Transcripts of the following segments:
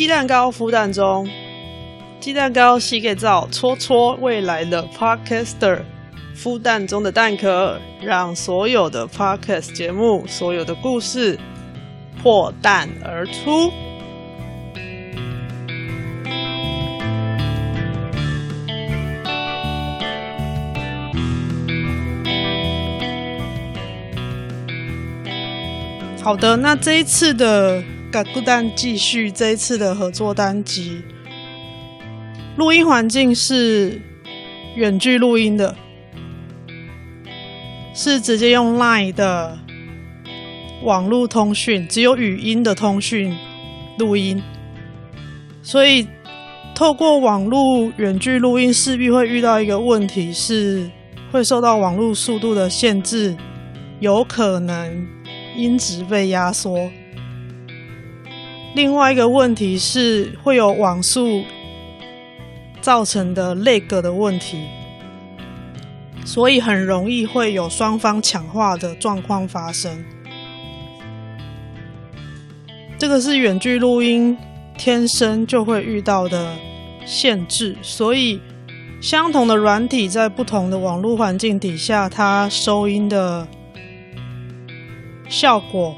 雞蛋糕孵蛋中，雞蛋糕洗個澡，戳戳未來的 Podcaster，孵蛋中的蛋殼，讓所有的 Podcast 節目、所有的故事破蛋而出。好的，那這一次的。KAKUDAN 繼續這一次的合作單集，錄音環境是遠距錄音的，是直接用 Line 的網絡通訊，只有語音的通訊錄音。所以透過網路遠距錄音勢必會遇到一個問題，是會受到網路速度的限制，有可能音質被壓縮。另外一個問題是會有網速造成的 lag 的問題，所以很容易會有雙方搶話的狀況發生。這個是遠距錄音天生就會遇到的限制，所以相同的軟體在不同的網絡環境底下，它收音的效果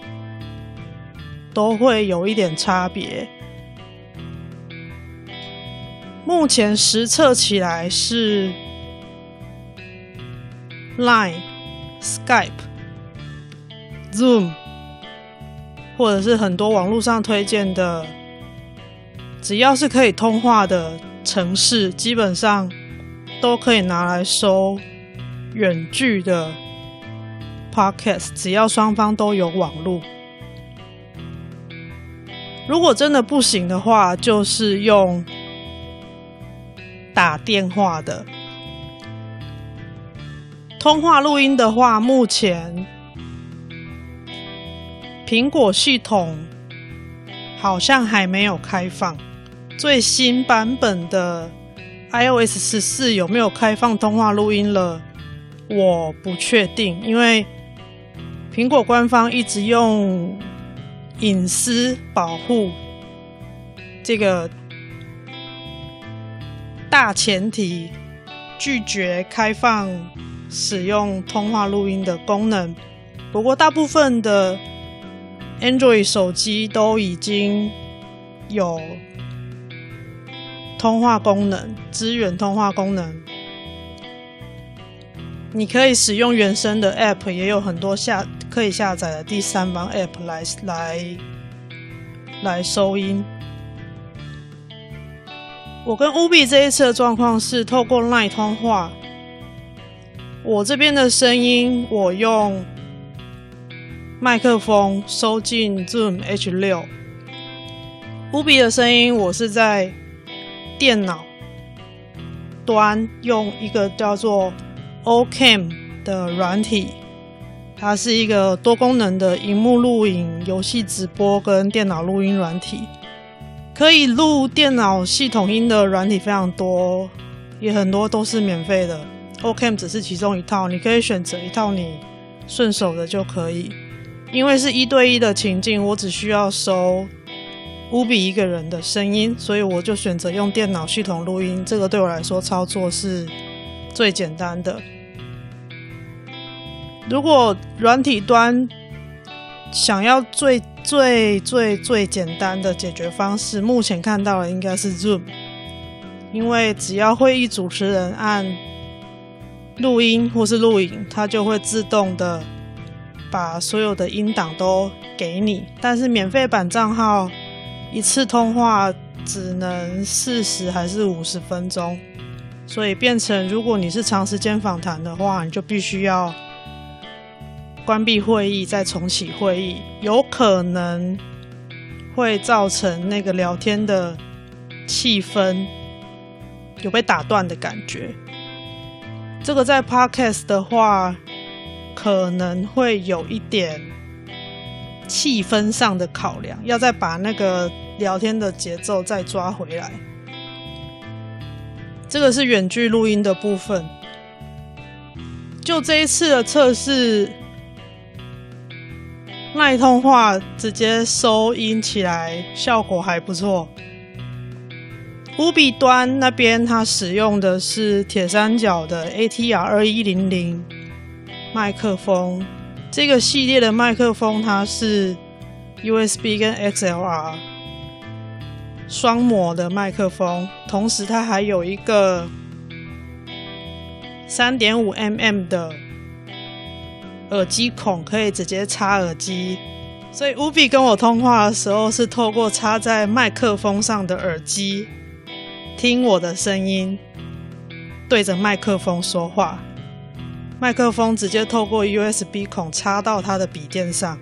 都會有一點差別。目前實測起來是 Line、Skype、Zoom，或者是很多網絡上推薦的，只要是可以通話的程式，基本上都可以拿來收遠距的 podcast。只要雙方都有網絡。如果真的不行的話，就是用打電話的通話錄音的話，目前蘋果系統好像還沒有開放最新版本的 iOS 十四有沒有開放通話錄音了？我不確定，因為蘋果官方一直用。隱私保護這個大前提，拒絕開放使用通話錄音的功能。不過，大部分的 Android 手機都已經有通話功能，支援通話功能。你可以使用原生的 App，也有很多下可以下載的第三方 App 來來來收音。我跟烏比這一次的狀況是透過 Line 通話，我這邊的聲音我用麥克風收進 Zoom H6，烏比的聲音我是在電腦端用一個叫做 Ocam 的軟體。它是一個多功能的熒幕錄影、遊戲直播跟電腦錄音軟體，可以錄電腦系統音的軟體非常多，也很多都是免費的。Ocam 只是其中一套，你可以選擇一套你順手的就可以。因為是一對一的情境，我只需要收 Ubi 一個人的聲音，所以我就選擇用電腦系統錄音。這個對我來說操作是最簡單的。如果軟體端想要最最最最簡單的解決方式，目前看到的應該是 Zoom，因為只要會議主持人按錄音或是錄影，它就會自動的把所有的音檔都給你。但是免費版賬號一次通話只能四十還是五十分鐘，所以變成如果你是長時間訪談的話，你就必須要。關閉會議，再重啟會議，有可能會造成那個聊天的氣氛有被打斷的感覺。這個在 Podcast 的話，可能會有一點氣氛上的考量，要再把那個聊天的節奏再抓回來。這個是遠距錄音的部分。就這一次的測試。奈通話直接收音起來效果還不錯。Ubi 端那邊它使用的是鐵三角的 ATR 二一零零麥克風，這個系列的麥克風它是 USB 跟 XLR 雙模的麥克風，同時它還有一個三點五 mm 的。耳機孔可以直接插耳機，所以 Ubi 跟我通話的時候是透過插在麥克風上的耳機聽我的聲音，對着麥克風說話。麥克風直接透過 USB 孔插到他的筆電上。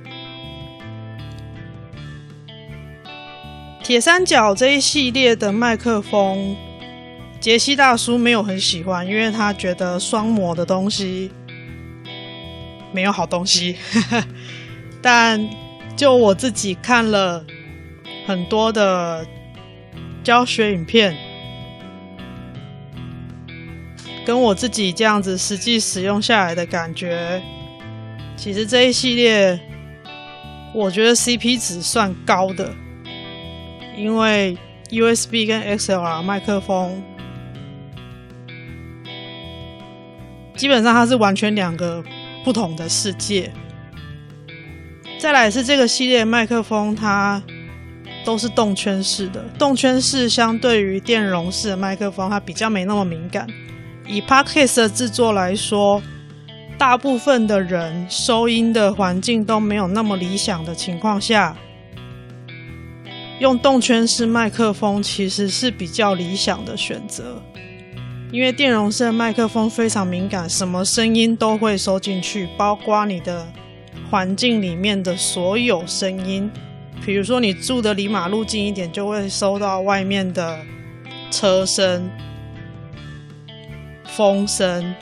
鐵三角這一系列的麥克風，杰西大叔沒有很喜歡，因為他覺得雙模的東西。沒有好東西，哈哈，但就我自己看了很多的教學影片，跟我自己這樣子實際使用下來的感覺，其實這一系列我覺得 CP 值算高的，因為 USB 跟 XLR 麥克風基本上它是完全兩個。不同的世界。再來是這個系列麥克風，它都是動圈式的。動圈式相對於電容式的麥克風，它比較沒那麼敏感。以 Podcast 的製作來說，大部分的人收音的環境都沒有那麼理想的情況下，用動圈式麥克風其實是比較理想的選擇。因為電容式的麥克風非常敏感，什麼聲音都會收進去，包括你的環境裡面的所有聲音。比如說你住的離馬路近一點，就會收到外面的車聲、風聲。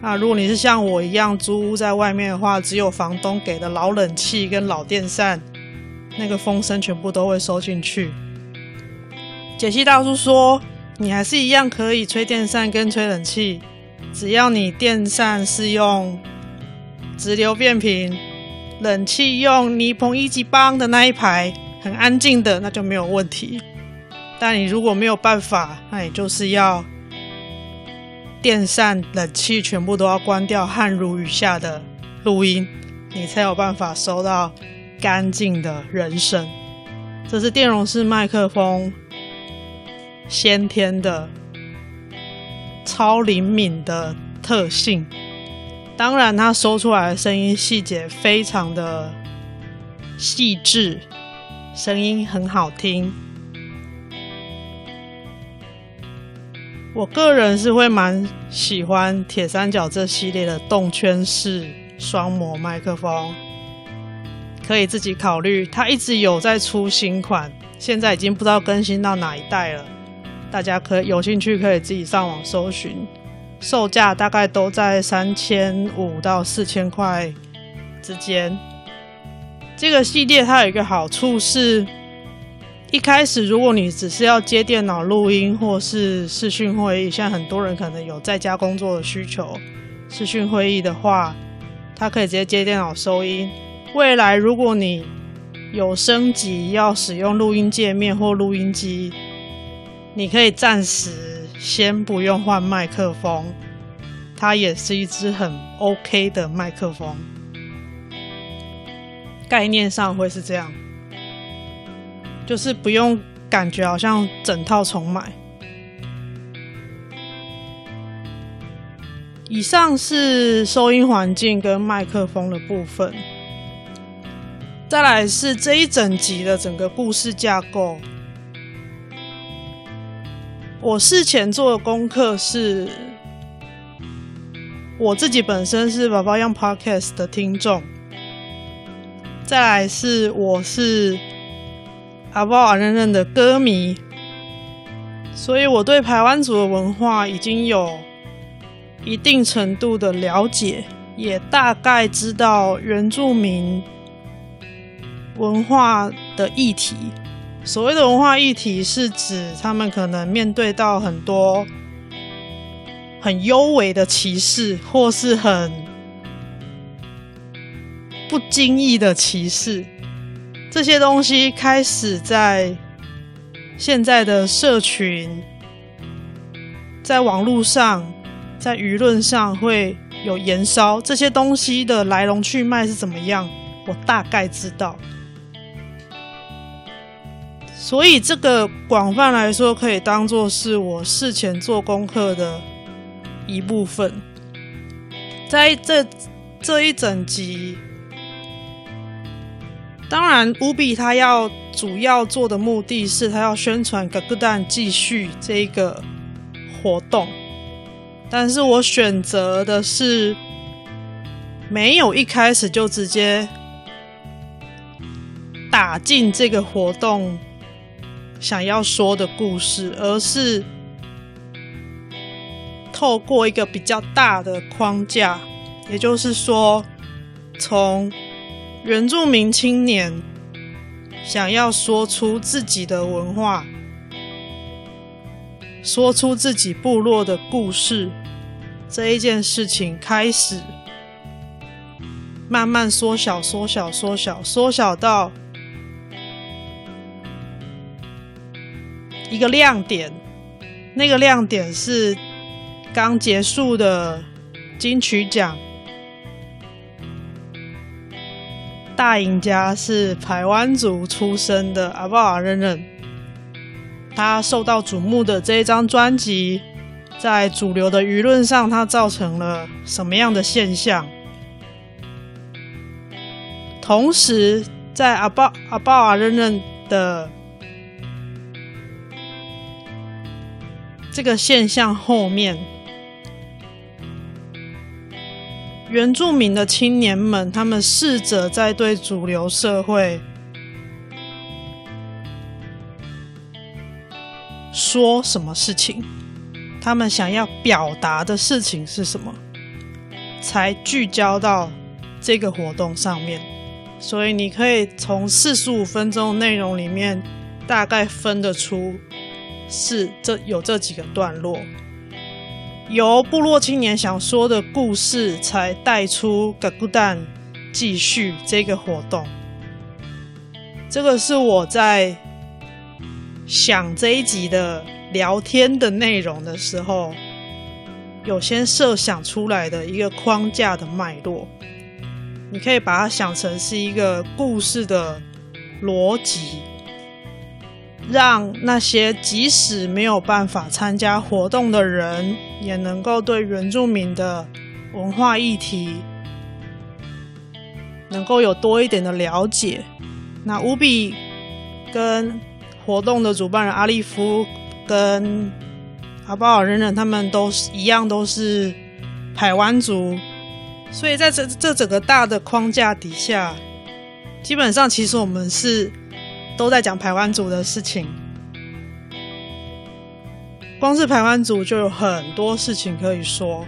那如果你是像我一樣租屋在外面的話，只有房東給的老冷氣跟老電扇，那個風聲全部都會收進去。解析大叔說。你還是一樣可以吹電扇跟吹冷氣，只要你電扇是用直流變頻，冷氣用尼朋一級棒的那一排，很安靜的，那就沒有問題。但你如果沒有辦法，那也就是要電扇、冷氣全部都要關掉，汗如雨下的錄音，你才有辦法收到乾淨的人聲。這是電容式麥克風。先天的超靈敏的特性，當然他說出來的聲音細節非常的細緻，聲音很好聽。我個人是會蠻喜歡鐵三角這系列的動圈式雙模麥克風，可以自己考慮。它一直有在出新款，現在已經不知道更新到哪一代了。大家可以有興趣，可以自己上網搜尋，售價大概都在三千五到四千塊之間。這個系列它有一個好處是，一開始如果你只是要接電腦錄音或是視訊會議，像很多人可能有在家工作的需求，視訊會議的話，它可以直接接電腦收音。未來如果你有升級要使用錄音介面、或錄音機。你可以暫時先不用換麥克風，它也是一支很 OK 的麥克風。概念上會是這樣，就是不用感覺好像整套重買。以上是收音環境跟麥克風的部分，再來是這一整集的整個故事架構。我事前做的功課是，我自己本身是法法漾 Podcast 的聽眾，再來是我是阿爆阿仍仍的歌迷，所以我對台灣族的文化已經有一定程度的了解，也大概知道原住民文化的議題。所謂的文化議題，是指他們可能面對到很多很幽微的歧視，或是很不經意的歧視。這些東西開始在現在的社群、在網絡上、在輿論上會有延燒。這些東西的來龍去脈是怎麼樣？我大概知道。所以這個廣泛來說，可以當做是我事前做功課的一部分。在這這一整集，當然，Ubi 他要主要做的目的是他要宣傳 KAKUDAN 祭敘這一個活動，但是我選擇的是沒有一開始就直接打進這個活動，想要說的故事，而是透過一個比較大的框架，也就是說，從原住民青年想要說出自己的文化、說出自己部落的故事這一件事情開始，慢慢縮小、縮小、縮小、縮小到。一個亮點，那個亮點是剛結束的金曲獎大贏家是排灣族出身的阿爆阿仍仍，他受到矚目的這一張專輯，在主流的輿論上，它造成了什麼樣的現象？同時，在阿爆阿爆阿仍仍的。這個現象後面，原住民的青年們，他們試着在對主流社會說什麼事情？他們想要表達的事情是什麼？才聚焦到這個活動上面。所以你可以從四十五分鐘內容裡面，大概分得出。是，這有這幾個段落，由部落青年想說的故事，才帶出 KAKUDAN 祭敘這個活動。這個是我在想這一集的聊天的內容的時候，有先設想出來的一個框架的脈絡。你可以把它想成是一個故事的邏輯。讓那些即使沒有辦法參加活動的人，也能夠對原住民的文化議題能夠有多一點的了解。那烏比跟活動的主辦人阿利夫跟阿巴爾人人他們都一樣，都是排灣族，所以在這這整個大的框架底下，基本上其實我們是。都在講排灣族的事情，光是排灣族就有很多事情可以說。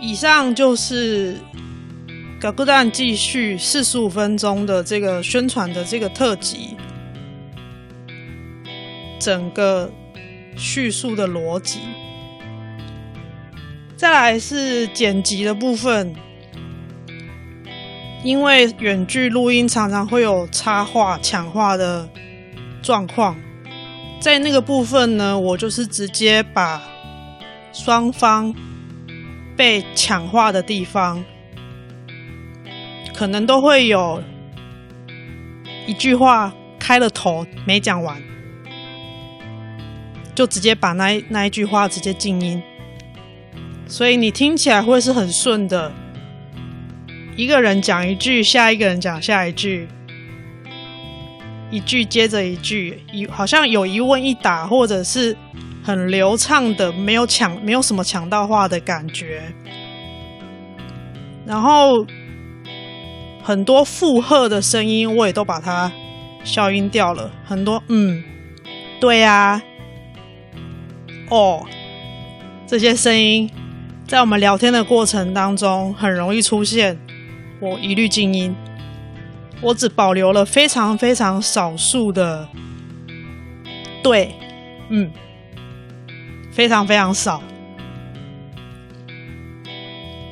以上就是 KAKUDAN 繼續四十五分鐘的這個宣傳的這個特輯，整個敘述的邏輯，再來是剪輯的部分。因為遠距錄音常常會有插話、搶話的狀況，在那個部分呢，我就是直接把雙方被搶話的地方，可能都會有一句話開了頭沒講完，就直接把那那一句話直接靜音，所以你聽起來會是很順的。一個人講一句，下一個人講下一句，一句接着一句，一好像有一問一答，或者是很流暢的，沒有搶，沒有什麼搶到話的感覺。然後很多附和的聲音，我也都把它消音掉了。很多嗯，對呀、啊，哦，這些聲音在我們聊天的過程當中很容易出現。我一律靜音，我只保留了非常非常少數的，對，嗯，非常非常少。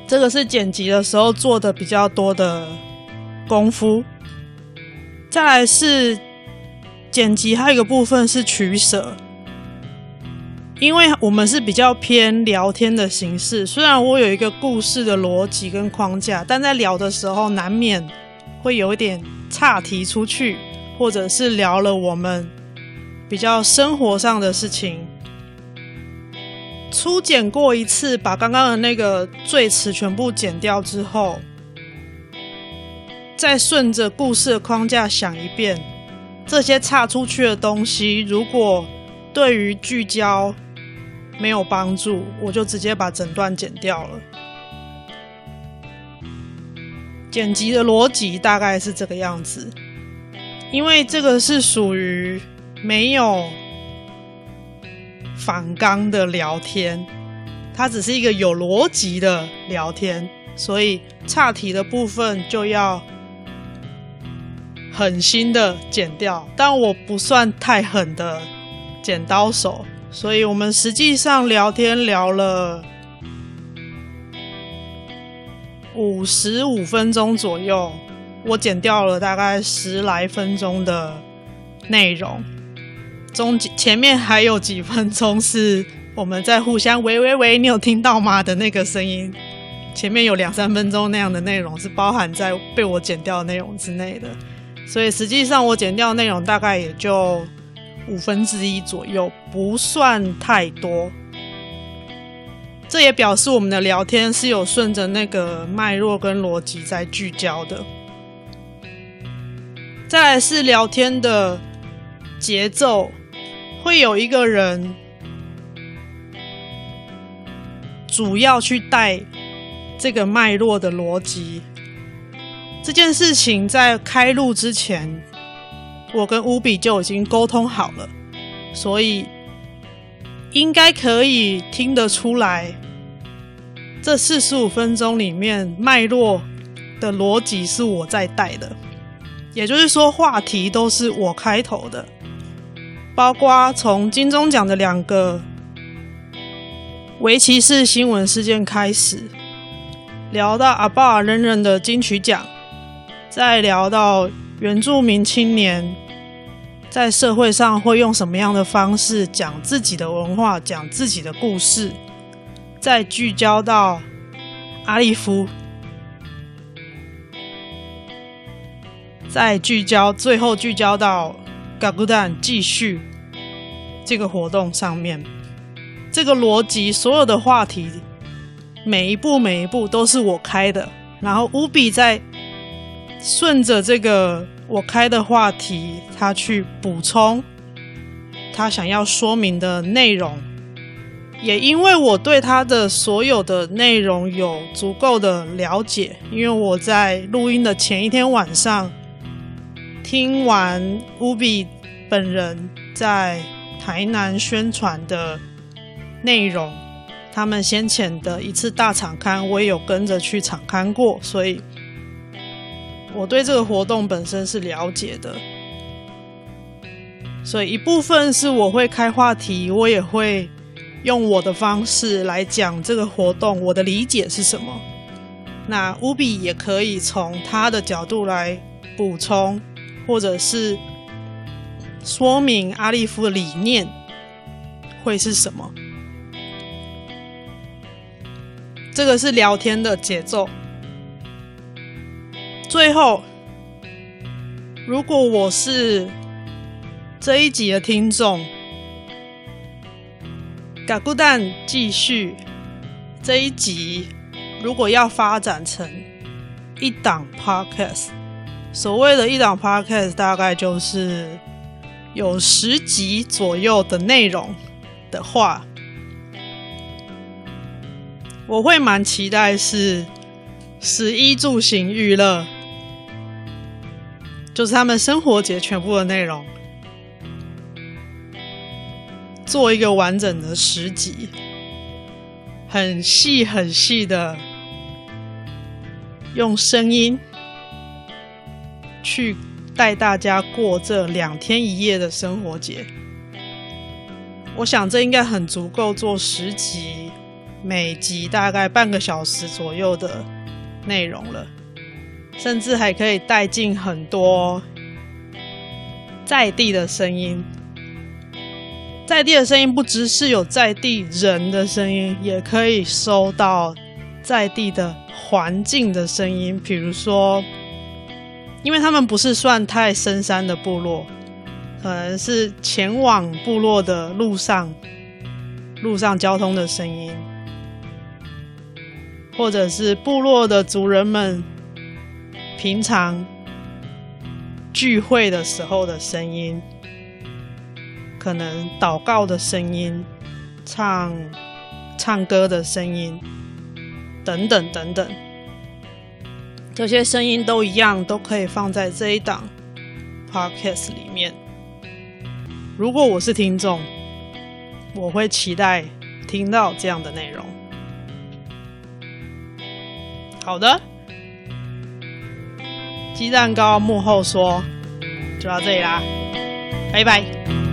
這個是剪輯的時候做的比較多的功夫。再來是剪輯，還有一個部分是取捨。因為我們是比較偏聊天的形式，雖然我有一個故事的邏輯跟框架，但在聊的時候難免會有一點岔題出去，或者是聊了我們比較生活上的事情。初剪過一次，把剛剛的那個贅詞全部剪掉之後，再順着故事的框架想一遍，這些岔出去的東西，如果對於聚焦沒有幫助，我就直接把整段剪掉了。剪輯的邏輯大概是這個樣子，因為這個是屬於沒有訪綱的聊天，它只是一個有邏輯的聊天，所以岔題的部分就要狠心的剪掉。但我不算太狠的剪刀手。所以我們實際上聊天聊了五十五分鐘左右，我剪掉了大概十來分鐘的內容，中間，前面還有幾分鐘是我們在互相“喂喂喂，你有聽到嗎”的那個聲音，前面有兩三分鐘那樣的內容是包含在被我剪掉的內容之內的，所以實際上我剪掉的內容大概也就。五分之一左右，不算太多。這也表示我們的聊天是有順着那個脈絡跟邏輯在聚焦的。再來是聊天的節奏，會有一個人主要去帶這個脈絡的邏輯。這件事情在開錄之前。我跟 Ubi 就已經溝通好了，所以應該可以聽得出來，這四十五分鐘裡面脈絡的邏輯是我在帶的，也就是說話題都是我開頭的，包括從金鐘獎的兩個圍棋式新聞事件開始，聊到阿爸人人的金曲獎，再聊到。原住民青年在社會上會用什麼樣的方式講自己的文化、講自己的故事？再聚焦到阿利夫，再聚焦，最後聚焦到 KAKUDAN 祭敘這個活動上面。這個邏輯，所有的話題，每一步每一步都是我開的，然後無比在。順着這個我開的話題，他去補充他想要說明的內容，也因為我對他的所有的內容有足夠的了解，因為我在錄音的前一天晚上聽完 Ubi 本人在台南宣傳的內容，他們先前的一次大場勘，我也有跟着去場勘過，所以。我對這個活動本身是了解的，所以一部分是我會開話題，我也會用我的方式來講這個活動，我的理解是什麼。那烏比也可以從他的角度來補充，或者是說明阿利夫的理念會是什麼。這個是聊天的節奏。最後，如果我是這一集的聽眾，KAKUDAN 祭敘這一集，如果要發展成一檔 podcast，所謂的一檔 podcast 大概就是有十集左右的內容的話，我會蠻期待是食衣住行娛樂。就是他們生活節全部的內容，做一個完整的十集，很細很細的，用聲音去帶大家過這兩天一夜的生活節。我想這應該很足夠做十集，每集大概半個小時左右的內容了。甚至還可以帶進很多在地的聲音，在地的聲音不只是有在地人的聲音，也可以收到在地的環境的聲音，比如說，因為他們不是算太深山的部落，可能是前往部落的路上，路上交通的聲音，或者是部落的族人們。平常聚會的時候的聲音，可能禱告的聲音、唱唱歌的聲音等等等等，這些聲音都一樣，都可以放在這一檔 podcast 裡面。如果我是聽眾，我會期待聽到這樣的內容。好的。雞蛋糕幕後說，就到這裡啦，拜拜。